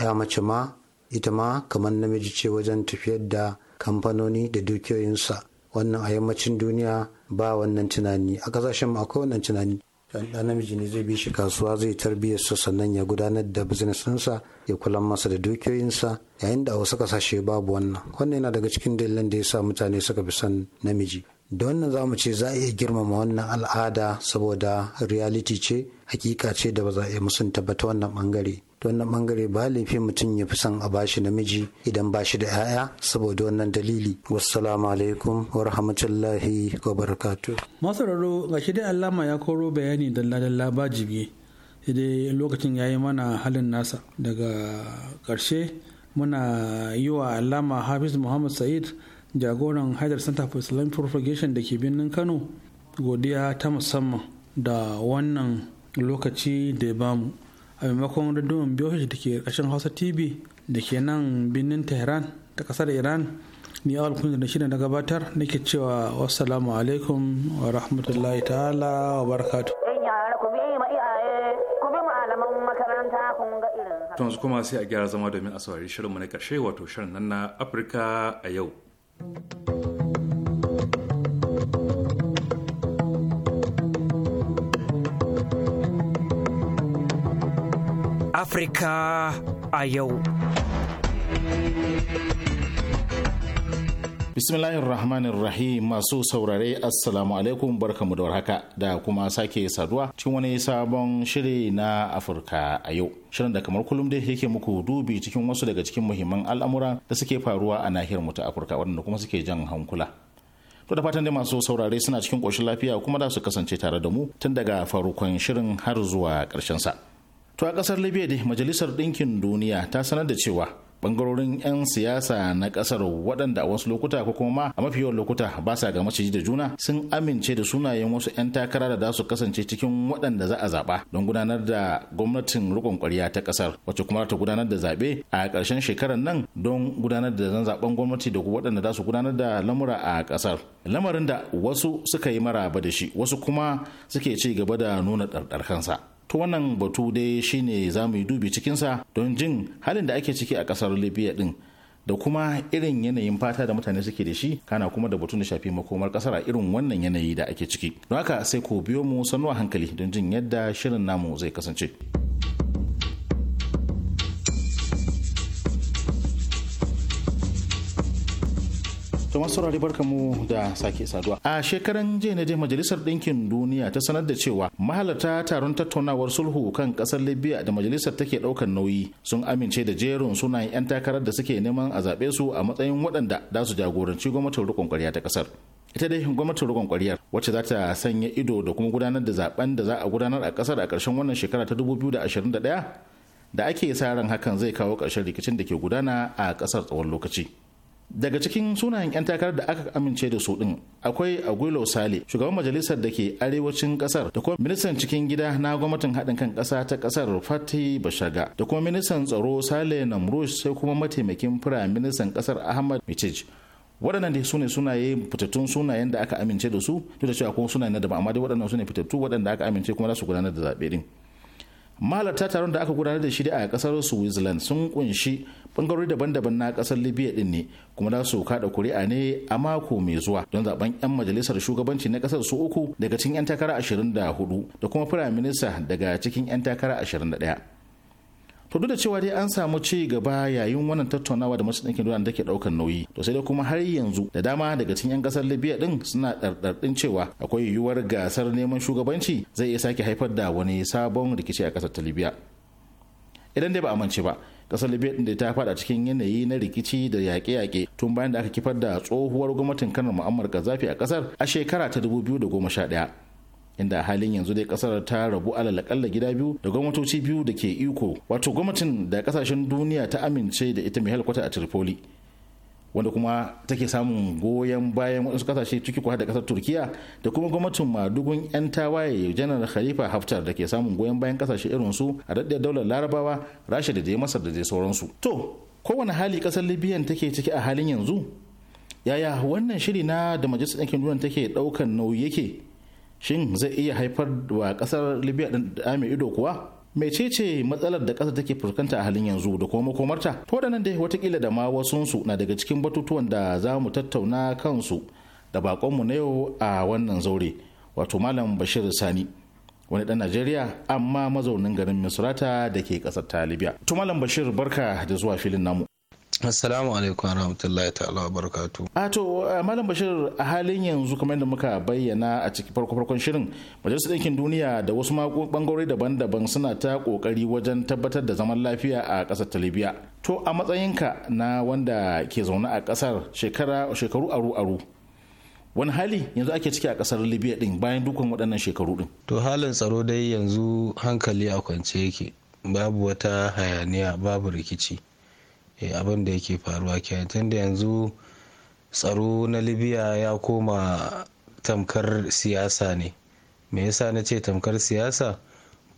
ya mace ma ita ma kamar namiji ce wajen tafiyar da kamfanoni da dukiyoyinsa wannan a yammacin duniya ba wannan tunani a kasashen akwai wannan tunani dan ɗan namiji ne zai bi shi kasuwa zai su sannan ya gudanar da business ɗinsa ya kula masa da dukiyoyinsa yayin da a wasu kasashe babu wannan wannan yana daga cikin dalilan da ya sa mutane suka fi son namiji da wannan za mu ce za a iya girmama wannan al'ada saboda reality ce hakika ce da ba za a iya musunta ba ta wannan bangare don wannan bangare ba laifi mutum ya fi son a bashi namiji idan ba shi da 'ya'ya saboda wannan dalili wassalamu alaikum wa rahmatullahi wa barakatu masararo ga shi dai alama ya koro bayani dalla-dalla ba jibi dai lokacin ya yi mana halin nasa daga karshe muna yi wa alama hafiz muhammad sa'id jagoran hajar center for islamic propagation da ke birnin kano godiya ta musamman da wannan lokaci da ya bamu a maimakon rundunar biyu da ke ƙarshen hausa tv da ke nan birnin tehran ta ƙasar iran ni awal kunya da shirin na gabatar nake cewa wassalamu alaikum wa rahmatullahi ta'ala wa barakatu yanzu kuma sai a gyara zama domin a saurari shirinmu na karshe wato shirin nan na afirka a yau Afrika a yau. Bismillahirrahmanirrahim masu saurare Assalamu alaikum barkamu da warhaka da kuma sake saduwa cikin wani sabon shiri na Afirka a yau. Shirin da kamar kullum dai yake muku dubi cikin wasu daga cikin muhimman al'amura da suke faruwa a nahiyar mu ta Afirka waɗanda kuma suke jan hankula. To da fatan dai masu saurare suna cikin ƙoshin lafiya kuma da su kasance tare da mu tun daga farkon shirin har zuwa ƙarshen sa. to a kasar libya dai majalisar Dinkin duniya ta sanar da cewa bangarorin 'yan siyasa na kasar waɗanda a wasu lokuta ko kuma ma a mafi yawan lokuta ba sa ga maciji da juna sun amince da sunayen wasu 'yan takara da za su kasance cikin waɗanda za a zaɓa don gudanar da gwamnatin rikon ƙwarya ta kasar wacce kuma ta gudanar da zaɓe a ƙarshen shekarar nan don gudanar da zan zaɓen gwamnati da waɗanda za su gudanar da lamura a kasar lamarin da wasu suka yi maraba da shi wasu kuma suke ci gaba da nuna ɗarɗarkansa to wannan batu dai shine za mu yi dubi cikinsa don jin halin da ake ciki a kasar libya din da kuma irin yanayin fata da mutane suke da shi kana kuma da batun da shafi makomar kasar a irin wannan yanayi da ake ciki don haka sai ku biyo mu sanuwa hankali don jin yadda shirin namu zai kasance. masu saurari barka mu da sake saduwa. A shekaran jiya na je Majalisar Ɗinkin Duniya ta sanar da cewa mahalarta taron tattaunawar sulhu kan ƙasar Libya da majalisar take ɗaukar nauyi sun amince da jerin sunayen 'yan takarar da suke neman a zaɓe su a matsayin waɗanda za su jagoranci gwamnatin riƙon ƙwarya ta ƙasar. ita dai gwamnatin rikon kwariyar wacce za ta sanya ido da kuma gudanar da zaben da za a gudanar a ƙasar a ƙarshen wannan shekara ta 2021 da ake sa ran hakan zai kawo ƙarshen rikicin da ke gudana a ƙasar tsawon lokaci daga cikin sunayen 'yan takarar da aka amince da su din akwai aguilo sale shugaban majalisar da ke arewacin kasar da kuma ministan cikin gida na gwamnatin haɗin kan ƙasa ta kasar fati bashaga da kuma ministan tsaro sale namrush sai kuma mataimakin firayim ministan ƙasar ahmad mitij waɗannan dai sune sunaye fitattun sunayen da aka amince da su duk da cewa kuma sunayen da ba amma dai waɗannan sune fitattu waɗanda aka amince kuma za su gudanar da zaɓe din malata taron da aka gudanar da shi a kasar switzerland sun kunshi bangarori daban-daban na kasar libya din ne kuma za su kada kuri'a ne a mako mai zuwa don zaben yan majalisar shugabanci na kasar su uku daga cikin yan takara 24 da kuma firayim minista daga cikin yan takara 21 to duk da cewa dai an samu ci gaba yayin wannan tattaunawa da masu ɗinkin duniya da ke ɗaukar nauyi to sai dai kuma har yanzu da dama daga cikin 'yan ƙasar libya ɗin suna ɗarɗarɗin cewa akwai yiwuwar gasar neman shugabanci zai iya sake haifar da wani sabon rikici a kasar ta libya idan dai ba amince ba kasar libya da ta fada cikin yanayi na rikici da yaƙe-yaƙe tun bayan da aka kifar da tsohuwar gwamnatin kanar mu'ammar gaddafi a kasar a shekara ta 2011 inda a halin yanzu dai kasar ta rabu alalakalla gida biyu da gwamnatoci biyu da ke iko wato gwamnatin da kasashen duniya ta amince da ita mai halkwata a tripoli wanda kuma take samun goyon bayan wasu kasashe ciki kuwa da kasar turkiya da kuma gwamnatin madugun 'yan tawaye janar khalifa haftar da ke samun goyon bayan kasashe irin su a daɗe daular larabawa rasha da dai masar da dai sauransu to kowane hali kasar libya take ciki a halin yanzu yaya wannan shiri na da majalisar ɗinkin duniya take ɗaukan nauyi yake shin zai iya haifar wa kasar libya din mai ido kuwa mecece matsalar da ƙasa take fuskanta a halin yanzu da kuma makomarta to da nan dai watakila da ma wasunsu na daga cikin batutuwan da za mu tattauna kansu da baƙonmu na yau a wannan zaure wato malam bashir sani wani ɗan najeriya amma mazaunin garin misrata da ke ƙasar ta libya to malam bashir barka da zuwa filin namu Assalamu alaikum warahmatullahi ta'ala barakatu. A ah, to eh, Malam Bashir a halin yanzu kamar da muka bayyana a cikin farko farkon shirin Majalisar Ɗinkin Duniya da wasu bangarori daban-daban suna ta kokari wajen tabbatar da zaman lafiya a ƙasar ta To a matsayinka na wanda ke zaune a ƙasar shekara shekaru aru-aru wani hali yanzu ake ciki a kasar libya din bayan dukkan waɗannan shekaru din to halin tsaro dai yanzu hankali a kwance yake babu wata hayaniya babu rikici Eh, abin da yake faruwa kenan tunda yanzu tsaro na libya ya koma tamkar siyasa ne me yasa na ce tamkar siyasa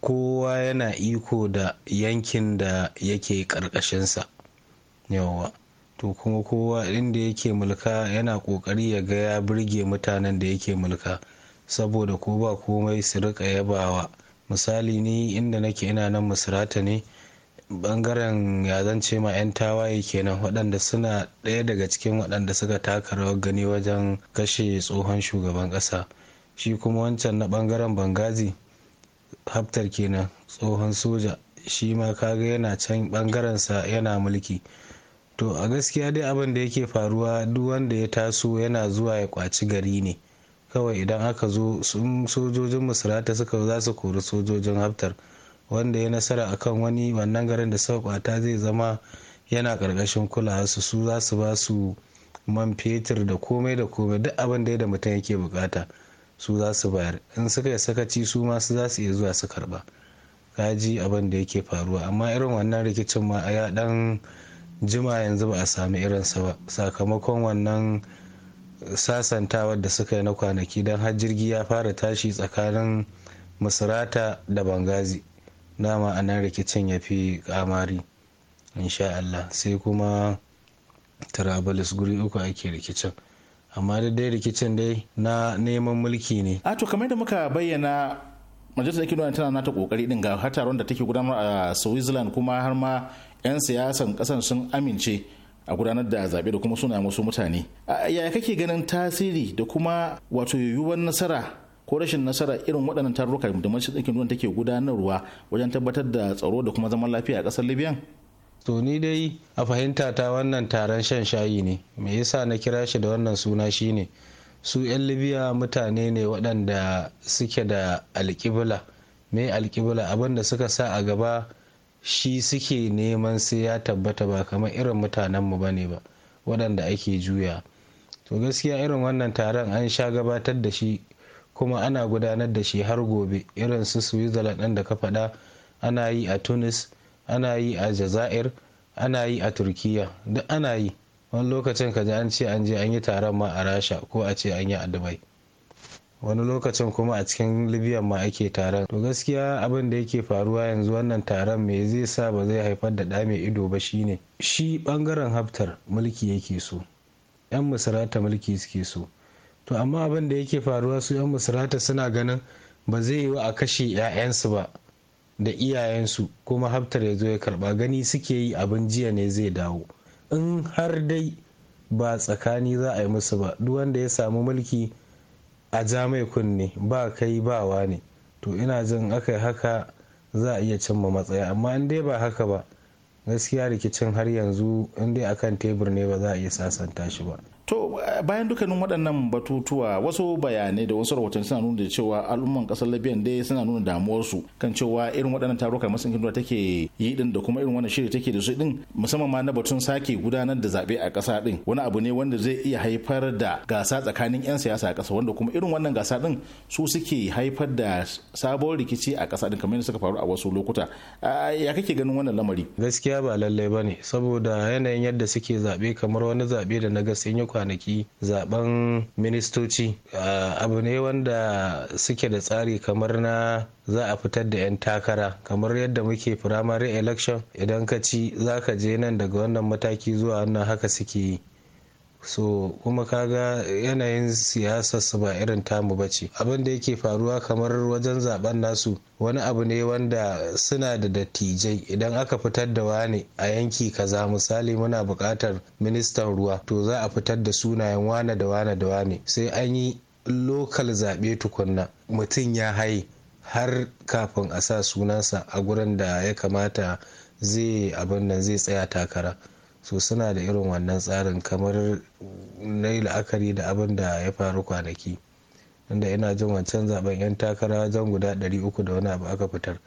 kowa yana iko da yankin da yake karkashinsa yawa to kuma kowa inda yake mulka yana kokari ya ga ya birge mutanen da yake mulka saboda ko ba komai su rika yabawa misali ni inda nake ina nan misrata ne bangaren ya zance ma 'yan tawaye kenan waɗanda suna ɗaya daga cikin waɗanda suka taka rawar gani wajen kashe tsohon shugaban ƙasa shi kuma wancan na bangaren bangazi haftar kenan tsohon soja shi ma kaga yana can bangarensa yana mulki to a gaskiya dai abin da yake faruwa duk wanda ya taso yana zuwa ya kwaci gari ne kawai idan aka zo sojojin musulata suka za su kori sojojin haftar wanda ya nasara kan wani wannan garin da suka kwata zai zama yana karkashin kulawa su su za su ba su man fetur da komai da komai duk abin da da mutum yake bukata su za su bayar in suka yi sakaci su ma su za su iya zuwa su karba kaji abin da yake faruwa amma irin wannan rikicin ma ya dan jima yanzu ba a sami irinsa ba sakamakon wannan sasantawar da suka yi na kwanaki don har jirgi ya fara tashi tsakanin misrata da bangazi dama a nan rikicin ya fi kamari insha Allah sai kuma Travelers guri uku ake rikicin amma dai rikicin dai na neman mulki ne a to kamar da muka bayyana majalisar ke nuna tana nata kokari din ga har taron da take gudanar a Switzerland kuma har ma 'yan siyasan kasan sun amince a gudanar da zaɓe da kuma suna musu mutane yaya kake ganin tasiri da kuma wato yiwuwar nasara ko rashin nasara irin waɗannan tarurruka da majalisar ɗinkin duniya take gudanarwa wajen tabbatar da tsaro da kuma zaman lafiya a ƙasar libya to ni dai a fahimta ta wannan taron shan shayi ne me yasa na kira shi da wannan suna shine su 'yan libya mutane ne waɗanda suke da alƙibla me alƙibla abin da suka sa a gaba shi suke neman sai ya tabbata ba kamar irin mutanenmu ba ne ba waɗanda ake juya to gaskiya irin wannan taron an sha gabatar da shi kuma ana gudanar da shi har gobe irin su switzerland ɗin da ka faɗa ana yi a tunis ana yi a jazair ana yi a turkiya duk ana yi wani lokacin ka ji an ce an je an yi taron ma a rasha ko a ce an yi a dubai wani lokacin kuma a cikin libya ma ake taron to gaskiya abin da yake faruwa yanzu wannan taron me zai sa ba zai haifar da ɗa mai ido ba shine shi bangaren haftar mulki yake so yan misira mulki suke so to amma abin da yake faruwa su 'yan musulata suna ganin ba zai yiwu a kashe 'ya'yansu ba da iyayensu kuma haftar ya zo ya karba gani suke yi abin jiya ne zai dawo in har dai ba tsakani za a yi musu ba duk wanda ya samu mulki a ja mai kunne ba kai bawa ne to ina jin aka haka za a iya cimma matsaya amma in dai ba haka ba gaskiya rikicin har yanzu in dai akan tebur ne ba za a iya sasanta shi ba To bayan dukkanin waɗannan batutuwa wasu bayanai da wasu rahotanni suna nuna da cewa al'umman ƙasar Libyan dai suna nuna damuwarsu kan cewa irin waɗannan taruka masu kinduwa take yi din da kuma irin wannan shiri take da su din musamman ma na batun sake gudanar da zaɓe a ƙasa din wani abu ne wanda zai iya haifar da gasa tsakanin 'yan siyasa a ƙasa wanda kuma irin wannan gasa din su suke haifar da sabon rikici a ƙasa din kamar yadda suka faru a wasu lokuta ya kake ganin wannan lamari gaskiya ba lallai ba ne saboda yanayin yadda suke zaɓe kamar wani zaɓe da na gasa kwanaki zaben ministoci ah, abu ne wanda suke da tsari kamar na za a fitar da 'yan takara kamar yadda muke primary election idan ka ci za ka je nan daga wannan mataki zuwa wannan haka suke yi so kuma ka ga yanayin siyasar su ba irin tamu ba ce abin da yake faruwa kamar wajen zaben nasu wani abu ne wanda suna da dattijai idan aka fitar da wane a yanki kaza misali muna buƙatar ministan ruwa to za a fitar da sunayen wane da wane da wane sai an yi lokal zaɓe tukunna mutum ya haye har kafin a sa sunansa a gurin da ya kamata zai abin nan zai tsaya takara su suna da irin wannan tsarin kamar na yi la'akari da abin da ya faru kwanaki inda ina jin wancan zaben yan takara wajen guda uku da wani abu aka fitar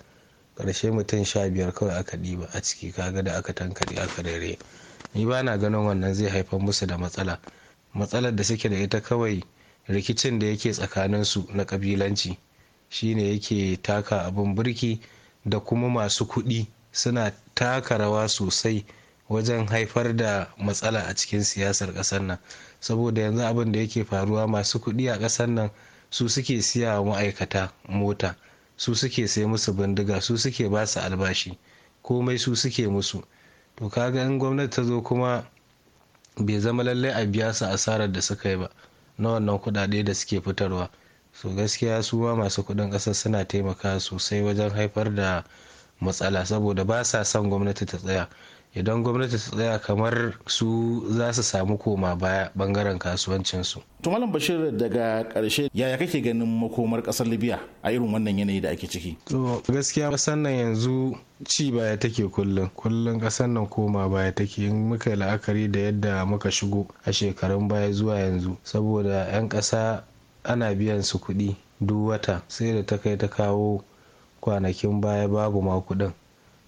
ƙarshe mutum sha biyar kawai aka ɗiba a ciki kaga da aka tankaɗe aka rere ni ba na ganin wannan zai haifar musu da matsala matsalar da suke da ita kawai rikicin da yake tsakaninsu na ƙabilanci shine yake taka abin birki da kuma masu kuɗi suna taka rawa sosai wajen haifar da matsala a cikin siyasar ƙasar nan saboda yanzu abin da yake faruwa masu kuɗi a ƙasar nan su suke siya wa ma'aikata mota su suke sai musu bindiga su suke ba su albashi komai su suke musu to kaga in gwamnati ta zo kuma bai zama lallai a biya su asarar da suka yi ba na wannan kuɗaɗe da suke fitarwa so gaskiya su ma masu kuɗin ƙasar suna taimaka sosai wajen haifar da matsala saboda ba sa son gwamnati ta tsaya idan gwamnati ta tsaya kamar su za su samu koma baya bangaren kasuwancinsu. to malam bashir daga karshe yaya kake ganin makomar ƙasar libya a irin wannan yanayi da ake ciki to gaskiya kasar nan yanzu ci baya take kullum kullum kasar nan koma baya take in muka la'akari da yadda muka shigo a shekarun baya zuwa yanzu saboda 'yan ƙasa ana biyan su kuɗi duk wata sai da ta kai ta kawo kwanakin baya babu ma kuɗin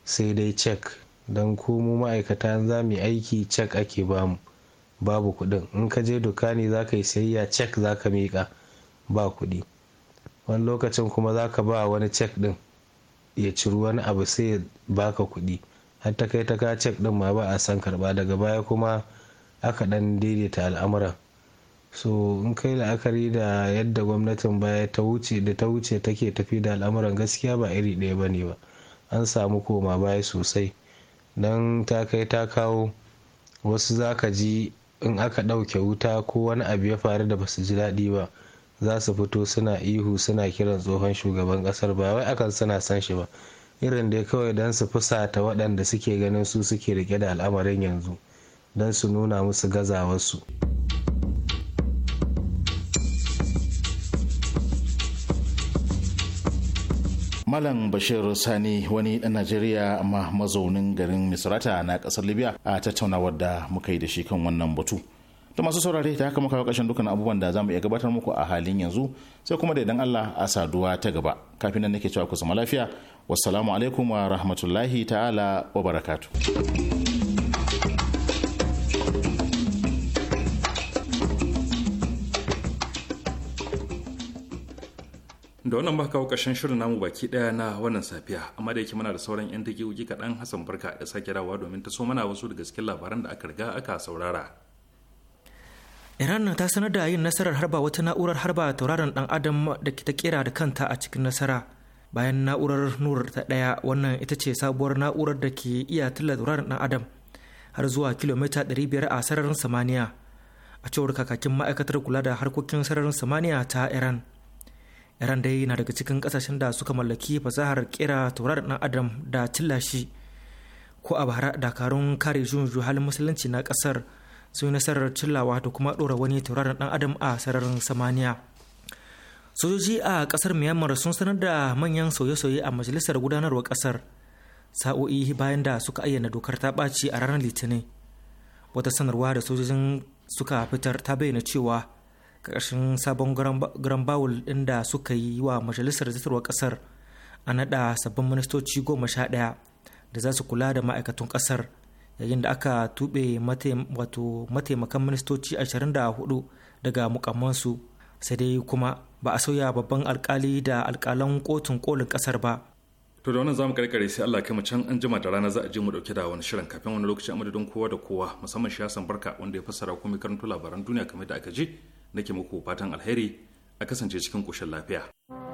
sai dai cek don ko ma'aikata za mu aiki cek ake bamu babu kuɗin in ka je duka ne za ka yi sayayya cek za ka miƙa ba kuɗi wani lokacin kuma za ka ba wani cek ɗin ya ciri wani abu sai ya baka kuɗi har ta kai ta ka cek ɗin ma ba a san karba daga baya kuma aka ɗan daidaita al'amuran so in kai la'akari da yadda gwamnatin baya ta wuce da ta wuce take tafi da al'amuran gaskiya ba iri ɗaya ba ne ba an samu koma baya sosai don ta kai ta kawo wasu za ka ji in aka ɗauke wuta ko wani abu ya faru da basu ji daɗi ba za su fito suna ihu suna kiran tsohon shugaban ƙasar ba wai akan suna san shi ba irin dai kawai don su fusata waɗanda suke ganin su suke rike da al'amarin yanzu don su nuna musu gazawarsu. su Malam Bashir Sani wani ɗan Najeriya amma mazaunin garin Misrata na ƙasar Libya a tattaunawar da muka yi da shi kan wannan batu. da masu saurare ta haka muka kawo ƙarshen dukkan abubuwan da za mu iya gabatar muku a halin yanzu sai kuma da idan Allah a saduwa ta gaba. Kafin nan nake cewa ku zama lafiya. Wassalamu alaikum wa rahmatullahi ta'ala wa barakatu. da wannan muka kawo ƙarshen shirin namu baki ɗaya na wannan safiya amma da yake muna da sauran yan dakiyoyi kaɗan hassan barka da sake dawowa domin ta so mana wasu daga cikin labaran da aka riga aka saurara iran ta sanar da yin nasarar harba wata na'urar harba tauraron dan adam da ta kera da kanta a cikin nasara bayan na'urar nur ta ɗaya wannan ita ce sabuwar na'urar da ke iya tilla tauraron dan adam har zuwa kilomita 500 a sararin samaniya a cewar kakakin ma'aikatar kula da harkokin sararin samaniya ta iran iran dai na daga cikin kasashen da suka mallaki fasahar kera tauraron dan adam da cillashi ko a bara dakarun kare juyin halin musulunci na kasar sun nasarar cillawa da kuma ɗora wani tauraron dan adam a sararin samaniya sojoji a kasar myanmar sun sanar da manyan sauye-sauye a majalisar gudanarwar kasar sa'o'i bayan da suka ayyana dokar ta ɓaci a ranar litinin wata sanarwa da sojojin suka fitar ta bayyana cewa ƙarshen sabon garan bawul ɗin suka yi wa majalisar zartarwar kasar a naɗa sabbin ministoci goma sha ɗaya da za su kula da ma'aikatun kasar yayin da aka tuɓe mataimakan ministoci ashirin da hudu daga mukammansu sai dai kuma ba a sauya babban alkali da alkalan kotun kolin kasar ba to da wannan zamu karkare sai Allah kai mu can an jima da rana za a je mu dauke da wani shirin kafin wani lokaci a madadin kowa da kowa musamman shi Hassan Barka wanda ya fassara kuma karanto labaran duniya kamar da aka ji nake muku fatan alheri a kasance cikin koshin lafiya.